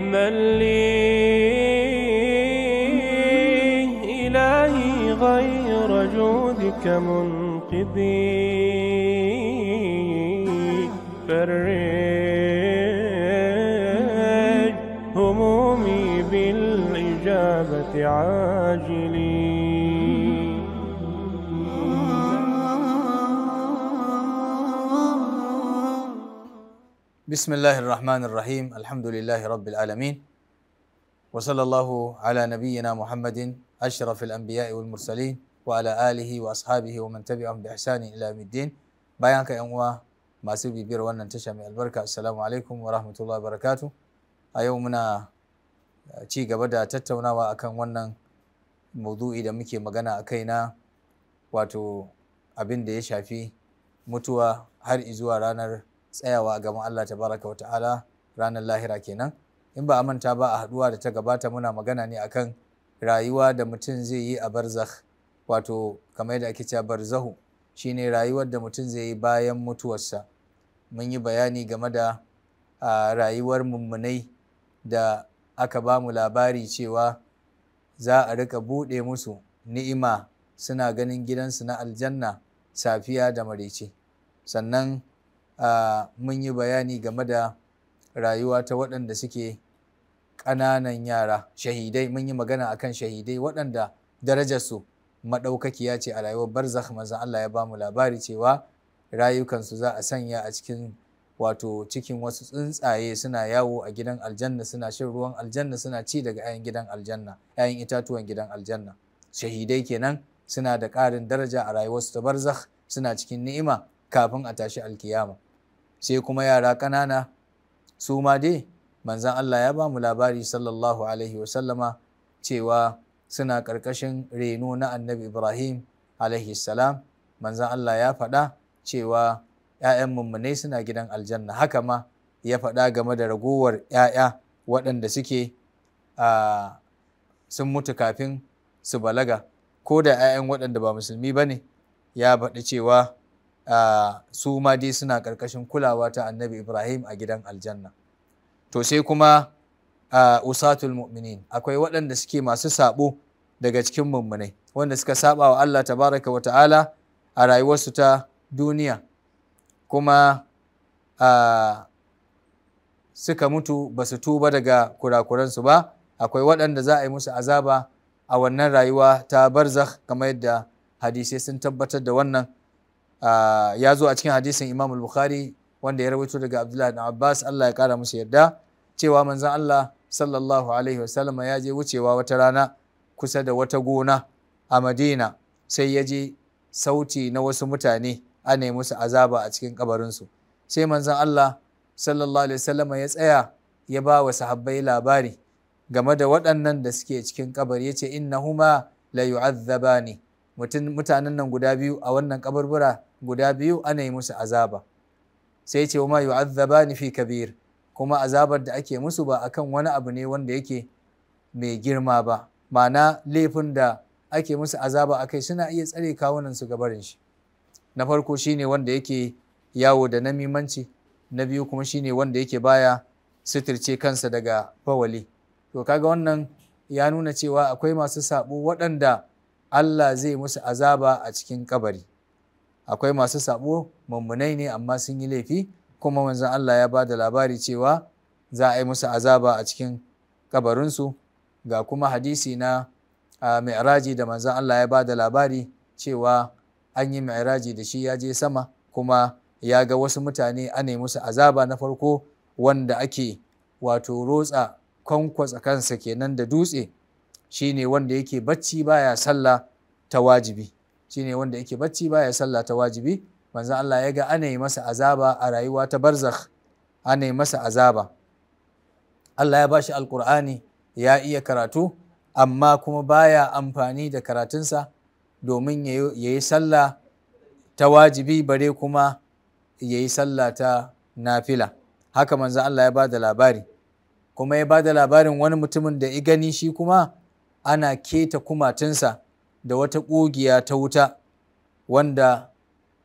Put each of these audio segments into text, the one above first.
من لي إلهي غير جودك منقذي فرج همومي بالإجابة عاجل بسم الله الرحمن الرحيم الحمد لله رب العالمين وصلى الله على نبينا محمد أشرف الأنبياء والمرسلين وعلى آله وأصحابه ومن تبعهم بإحسان إلى يوم الدين بيانك أنواع ما سبي بير وأن انتشى من البركة السلام عليكم ورحمة الله وبركاته أيومنا ci gaba da tattaunawa akan wannan maudu'i da muke magana a kaina wato abin da ya shafi mutuwa har izuwa ranar tsayawa a gaban Allah tabaraka wata'ala ranar lahira kenan in ba a manta ba a haduwa da ta gabata muna magana ne akan rayuwa da mutum zai yi a barzakh wato kamar yadda ake cewa barzahu shine rayuwar da mutum zai yi bayan mutuwarsa mun yi bayani game da rayuwar mummunai da aka ba mu labari cewa za a rika buɗe musu ni'ima suna ganin gidansu na aljanna safiya da marice sannan mun yi bayani game da rayuwa ta waɗanda suke ƙananan yara shahidai mun yi magana kan shahidai waɗanda darajarsu maɗaukakiya ce a rayuwar barzakh manzon Allah ya bamu labari cewa rayukansu za a sanya a cikin wato cikin wasu tsuntsaye suna yawo a gidan aljanna suna shan ruwan aljanna suna ci daga 'ya'yan gidan aljanna 'ya'yan itatuwan gidan aljanna shahidai kenan suna da ƙarin daraja a rayuwarsu ta barzakh suna cikin ni'ima kafin a tashi alkiyama sai kuma yara ƙanana su ma dai manzan Allah ya ba mu labari sallallahu alaihi wasallama cewa suna ƙarƙashin reno na annabi Ibrahim alaihi salam manzan Allah ya faɗa cewa ‘ya'yan mummunai suna gidan aljanna haka ma ya faɗa game da ragowar ‘ya'ya waɗanda suke sun mutu kafin su balaga ko da ‘ya'yan waɗanda ba musulmi ba ne ya faɗi cewa su ma dai suna ƙarƙashin kulawa ta annabi ibrahim a gidan aljanna to sai kuma usatul mu'minin akwai waɗanda suke masu saɓo daga cikin mummunai wanda suka saba wa allah tabaraka wa ta'ala a rayuwarsu ta duniya kuma suka mutu ba su tuba daga kurakuransu ba akwai waɗanda za a yi musu azaba a wannan rayuwa ta barzakh kamar yadda hadisai sun tabbatar da wannan Ah, ya zo a cikin hadisin Imam al-Bukhari wanda ya rawaito daga Abdullah bin Abbas Allah ya kara musu yarda cewa manzon Allah sallallahu alaihi sallam ya je wucewa wata rana kusa da wata gona a Madina sai ya je sauti na wasu mutane ana musu azaba a cikin kabarinsu sai manzon Allah sallallahu alaihi sallam ya tsaya ya ba wa sahabbai labari game da waɗannan da suke cikin kabari ya ce innahuma la yu'azzabani mutum mutanen nan guda biyu a wannan kaburbura guda biyu ana yi musu azaba sai ce wa ma yu'azzabani fi kabir kuma azabar da ake musu ba a kan wani abu ne wanda yake mai girma ba ma'ana laifin da ake musu azaba akai suna iya tsare kawunan su barin shi na farko shine wanda yake yawo da na namimanci na biyu kuma shine wanda yake baya suturce kansa daga bawali to kaga wannan ya nuna cewa akwai masu sabo waɗanda Allah zai musu azaba a cikin kabari akwai masu sabo mummunai ne amma sun yi laifi kuma manzon Allah ya ba da labari cewa za a yi musu azaba a cikin kabarinsu ga kuma hadisi na mi'raji da manzon Allah ya ba da labari cewa an yi mi'raji da shi ya je sama kuma ya ga wasu mutane ana yi musu azaba na farko wanda ake wato rotsa kwankwatsa kansa kenan da dutse shine wanda yake bacci baya sallah ta wajibi shine wanda yake bacci baya sallah ta wajibi manzon Allah ya ga ana yi masa azaba a rayuwa ta barzakh ana yi masa azaba Allah ya bashi alkur'ani ya iya karatu amma kuma baya amfani da karatunsa domin ya yi sallah ta wajibi bare kuma ya yi sallah ta nafila haka manzon Allah ya ba da labari kuma ya ba da labarin wani mutumin da ya gani shi kuma ana keta kumatinsa da wata ƙugiya ta wuta wanda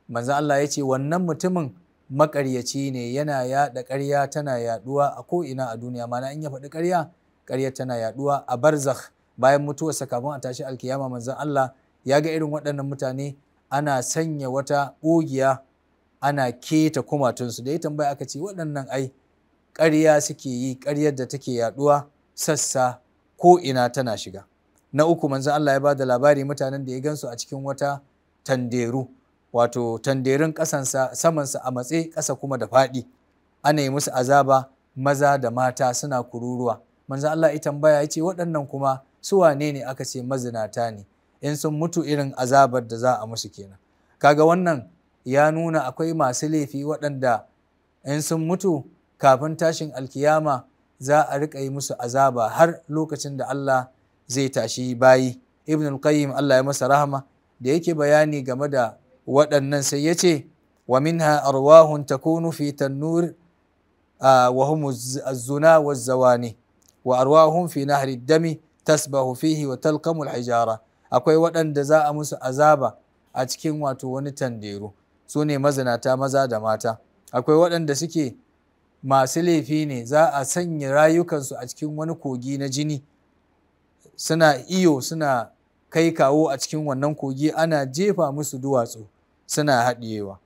manzan Allah ya ce wannan mutumin makaryaci ne yana yaɗa ƙarya tana yaɗuwa a ko'ina a duniya mana in ya faɗi ƙarya ƙarya tana yaɗuwa a barzakh bayan mutuwarsa kafin a tashi alkiyama manzan Allah ya ga irin waɗannan mutane ana sanya wata ƙugiya ana keta kumatunsu da ya tambaya aka ce waɗannan ai ƙarya suke yi ƙaryar da take yaɗuwa sassa ko ina tana shiga na uku manzon Allah ya ba da labari mutanen da ya gansu a cikin wata tanderu wato tanderun ƙasansa samansa a matse ƙasa kuma da faɗi ana yi musu azaba maza da mata suna kururuwa manzon Allah ya tambaya ya ce waɗannan kuma su wane ne aka ce mazinata ne in sun mutu irin azabar da za a musu kenan kaga wannan ya nuna akwai masu laifi waɗanda in sun mutu kafin tashin alkiyama za a riƙa yi musu azaba har lokacin da Allah zai tashi bayi ibn al-qayyim Allah ya masa rahama da yake bayani game da waɗannan sai ya ce wa minha arwahun takunu fi tannur wa hum az-zuna waz-zawani wa arwahun fi nahri dami tasbahu fihi wa talqamu al-hijara akwai waɗanda za a musu azaba a cikin wato wani tandero su ne mazinata maza da mata akwai waɗanda suke masu laifi ne za a sanya rayukansu a cikin wani kogi na jini suna iyo suna kai kawo a cikin wannan kogi ana jefa musu duwatsu suna haɗiyewa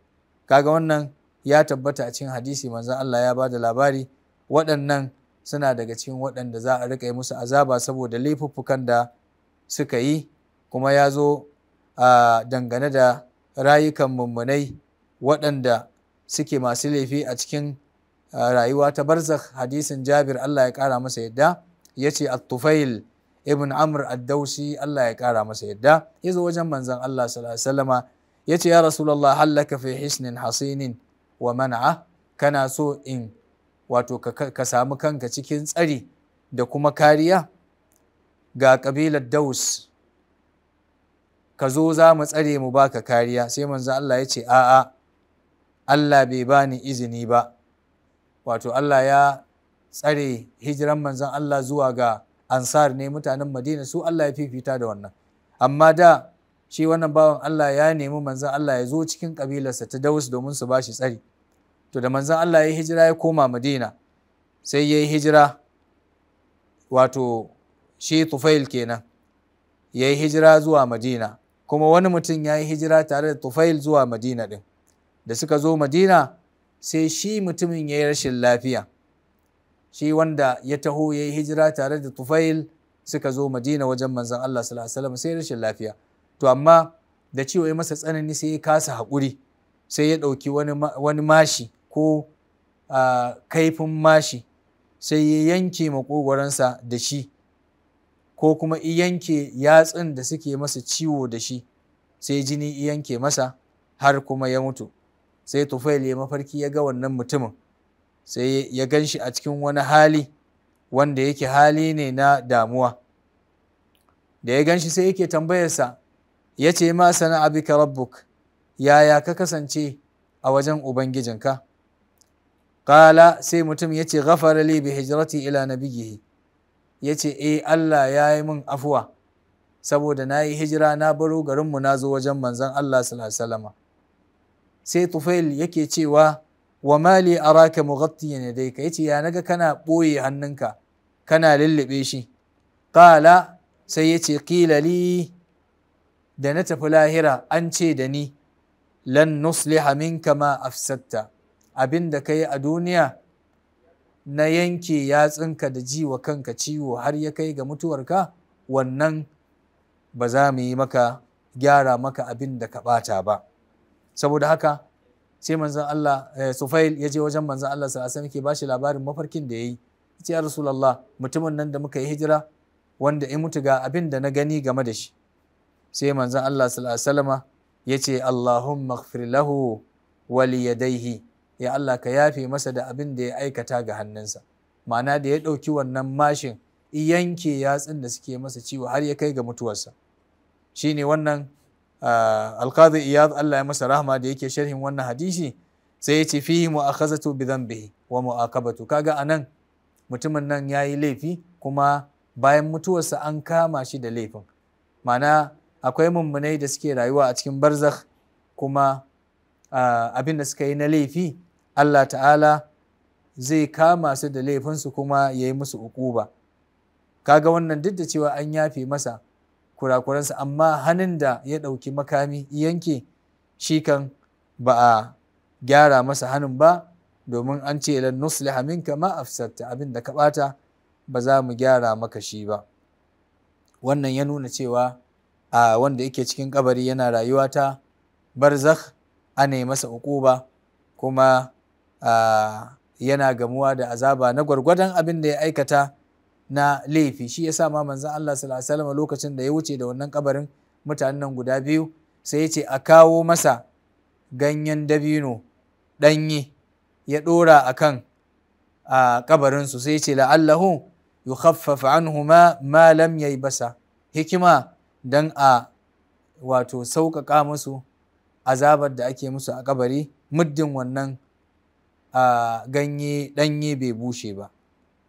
kaga wannan ya tabbata a cikin hadisi manzon Allah ya bada labari waɗannan suna daga cikin waɗanda za a riƙa yi musu azaba saboda laifuffukan da suka yi kuma ya zo a dangane da rayukan mummunai waɗanda suke masu laifi a cikin rayuwa ta barzakh hadisin jabir Allah ya ƙara masa yadda ya ce at-tufail ibn amr ad-dausi Allah ya kara masa yadda ya zo wajen manzon Allah sallallahu alaihi wasallama ya ce ya rasulullah hallaka fi hisnin hasinin wa man'a kana so in wato ka samu kanka cikin tsari da kuma kariya ga kabilar daus ka zo za mu tsare mu baka kariya sai manzon Allah ya ce a'a Allah bai bani izini ba wato Allah ya tsare hijiran manzon Allah zuwa ga ansar ne mutanen madina su Allah ya fifita da wannan amma da shi wannan bawan Allah ya nemi manzan Allah ya zo cikin kabilarsa ta Daus domin su bashi tsari to da manzan Allah ya yi hijira ya koma madina sai ya yi hijira wato shi tufail kenan ya yi hijira zuwa madina kuma wani mutum ya yi hijira tare da tufail zuwa madina din da suka zo madina sai shi mutumin ya yi rashin lafiya shi wanda ya taho ya yi hijira tare da tufail suka zo madina wajen manzan Allah sallallahu sai rashin lafiya to amma da cewa ya masa tsanani sai ya kasa haƙuri sai ya ɗauki wani mashi ko kaifin mashi sai ya yanke makogoransa da shi ko kuma yanke yatsun da suke masa ciwo da shi sai jini yanke masa har kuma ya mutu sai tufail ya mafarki ya ga wannan mutumin sai ya gan shi a cikin wani hali wanda yake hali ne na damuwa da ya gan shi sai yake tambayarsa ya ce ma sana abika rabbuk yaya ka kasance a wajen ubangijinka ƙala sai mutum ya ce ghafara li bi hijrati ila nabiyihi ya ce e Allah ya yi min afuwa saboda na yi hijira na baro garinmu na zo wajen manzon Allah sallallahu sai tufail yake cewa wa mali araka mughattiyan yadayka yace ya naga kana boye hannunka kana lullube shi qala sai yace qila li da na tafi lahira an ce da ni lan nusliha minka ma afsadta abinda kai a duniya na yanke yatsunka da ji wa kanka ciwo har ya kai ga mutuwarka wannan ba za mu yi maka gyara maka abin da ka bata ba saboda haka sai manzon Allah eh, Sufail ya je wajen manzon Allah sallallahu alaihi wasallam ke bashi labarin mafarkin da yayi ce ya rasulullah mutumin nan da muka yi hijira wanda ya mutu ga abin da na gani game da shi sai manzon Allah sallallahu alaihi wasallam ya ce Allahumma ighfir lahu wa liyadayhi ya Allah ka yafe masa da abin da ya aikata ga hannunsa ma'ana da ya ɗauki wannan mashin yanke yatsun da suke masa ciwo har ya kai ga mutuwarsa shine wannan Ah, alqadi iyad Allah ya masa rahma da yake sharhin wannan hadisi sai ya yace fihi mu'akhazatu bi dhanbihi wa mu'aqabatu kaga anan mutumin nan yayi laifi kuma bayan mutuwarsa an kama shi da laifin Mana akwai mummunai da suke rayuwa a cikin barzakh kuma ah, abin da suka yi na laifi Allah ta'ala zai kama su da laifinsu kuma ya yi musu ukuba kaga wannan duk da cewa an yafe masa kurakuransa amma hannun da ya ɗauki makami yanke shi kan ba a gyara masa hannun ba domin an ce lan nusliha minka ma afsatta abin da ka ɓata ba za mu gyara maka shi ba wannan ya nuna cewa a wanda yake cikin ƙabari yana rayuwa ta barzakh ana yi masa ukuba kuma yana gamuwa da azaba na gwargwadon abin da ya aikata na laifi shi ya sa ma manzon Allah sallallahu alaihi lokacin da ya wuce da wannan kabarin mutanen nan guda biyu sai ya ce a kawo masa ganyen dabino ɗanyi ya ɗora akan a ƙabarinsu sai ya ce la'allahu yukhaffafa anhuma ma lam basa hikima dan a wato sauƙaƙa musu azabar da ake musu a kabari muddin wannan ganye ɗanye bai bushe ba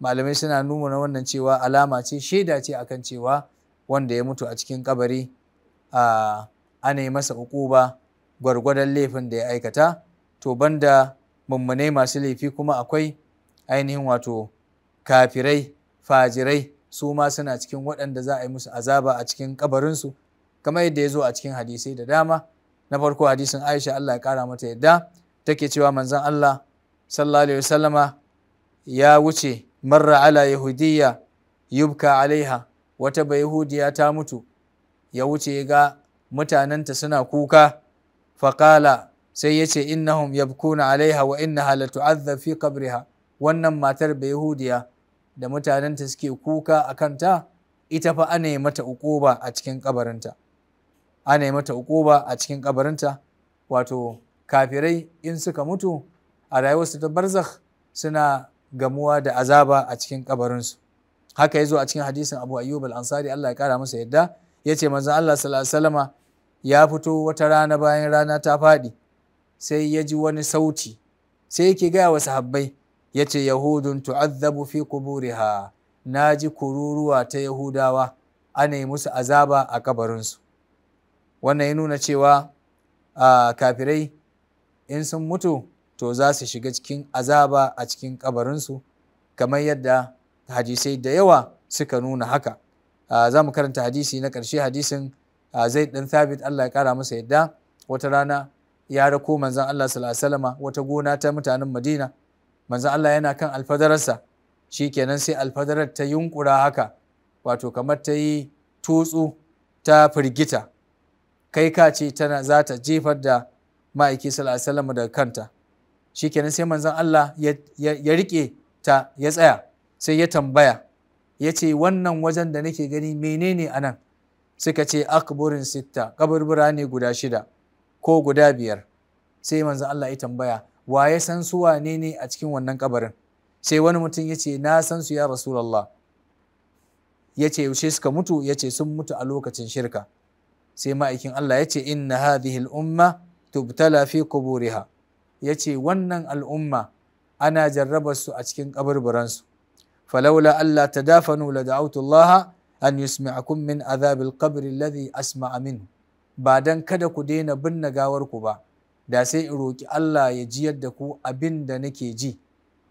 malamai suna nuna wannan cewa alama ce shaida ce akan cewa wanda ya mutu a cikin kabari a ana yi masa ukuba gwargwadon laifin da ya aikata to banda mummunai masu laifi kuma akwai ainihin wato kafirai fajirai su ma suna cikin waɗanda za a yi musu azaba a cikin kabarinsu kamar yadda ya zo a cikin hadisai da dama na farko hadisin aisha allah ya kara mata yadda take cewa manzon allah sallallahu alaihi wasallama ya wuce marra ala yahudiyya yubka alaiha wata bai yahudiya ta mutu ya wuce ga mutanenta suna kuka faƙala sai ya ce innahum yabkuna alaiha wa na la tu'adhab fi qabriha wannan matar bai yahudiya da mutanenta suke kuka a kanta ita fa ana yi mata uquba a cikin kabarinta ana yi mata a cikin kabarinta wato kafirai in suka mutu a rayuwarsu ta barzakh suna gamuwa da azaba a cikin kabarinsu haka ya zo a cikin hadisin Abu Ayyub al-Ansari Allah ya kara masa yadda Ya ce manzon Allah sallallahu ya fito wata rana bayan rana ta faɗi sai ya ji wani sauti sai yake gaya wa sahabbai ce yahudun tu'azzabu fi Na ji kururuwa ta yahudawa ana yi musu azaba a kabarinsu wannan ya nuna cewa kafirai in sun mutu to za su shiga cikin azaba a cikin kabarinsu kamar yadda hadisai da yawa suka nuna haka za mu karanta hadisi na ƙarshe hadisin zai ɗan thabit Allah ya ƙara masa yadda wata rana ya rako manzan Allah sallallahu wata gona ta mutanen Madina manzan Allah yana kan alfadararsa Shi kenan sai alfadarar ta yunkura haka wato kamar ta yi tutsu ta firgita kai ka ce tana za ta jefar da ma'aiki sallallahu daga kanta shikenan sai manzon Allah ya rike ta ya tsaya sai ya tambaya ya ce wannan wajen da nake gani menene a nan suka ce akburin sitta kaburbura ne guda shida ko guda biyar sai manzon Allah ya tambaya wa ya san su wane ne a cikin wannan kabarin sai wani mutum ya ce na san su ya rasulallah ya ce yaushe suka mutu ya ce sun mutu a lokacin shirka sai ma'aikin Allah ya ce inna hadhihi al-umma tubtala fi quburiha ya ce wannan al'umma ana jarrabar su a cikin ƙaburburansu falaula Allah ta dafa nula da Autullaha an yusmi'akum min azabil ƙabri lazi asma'a min ba don kada ku daina binne gawar ku ba da sai in roƙi Allah ya ji yadda ku abin da nake ji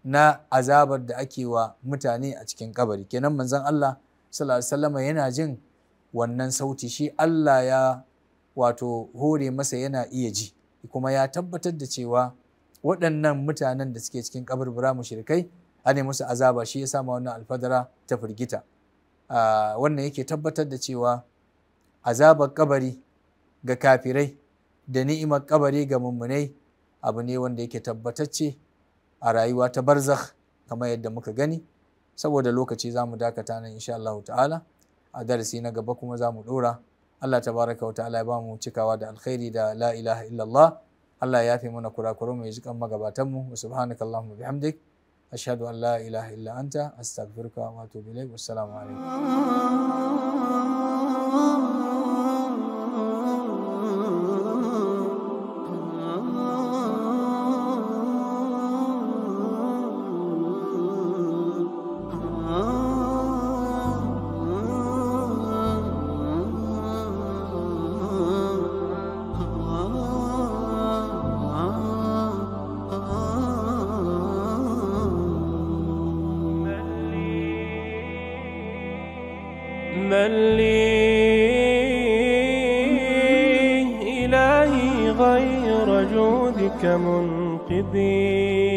na azabar da ake wa mutane a cikin ƙabari kenan manzon Allah sallallahu yana jin wannan sauti shi Allah ya wato hore masa yana iya ji kuma ya tabbatar da cewa waɗannan mutanen da suke cikin kaburbura mushrikai ne musu azaba shi ya sama wannan alfadara ta firgita wannan yake tabbatar da cewa azabar kabari ga kafirai da ni'imar kabari ga mummunai abu ne wanda yake tabbatacce a rayuwa ta barzakh kamar yadda muka gani saboda lokaci za mu dakata nan insha Allah ta'ala a darasi na gaba kuma za mu dora Allah tabaraka wa ta'ala ya ba mu cikawa da alkhairi da la ilaha illallah Allah ya yafe mana kurakuran mai jikan magabatan mu subhanakallahumma bihamdik ashhadu an la ilaha illa anta astaghfiruka wa atubu ilaik wassalamu alaikum من لي إلهي غير جودك منقذي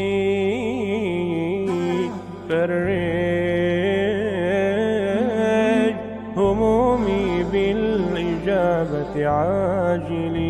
فرج همومي بالإجابة عاجلي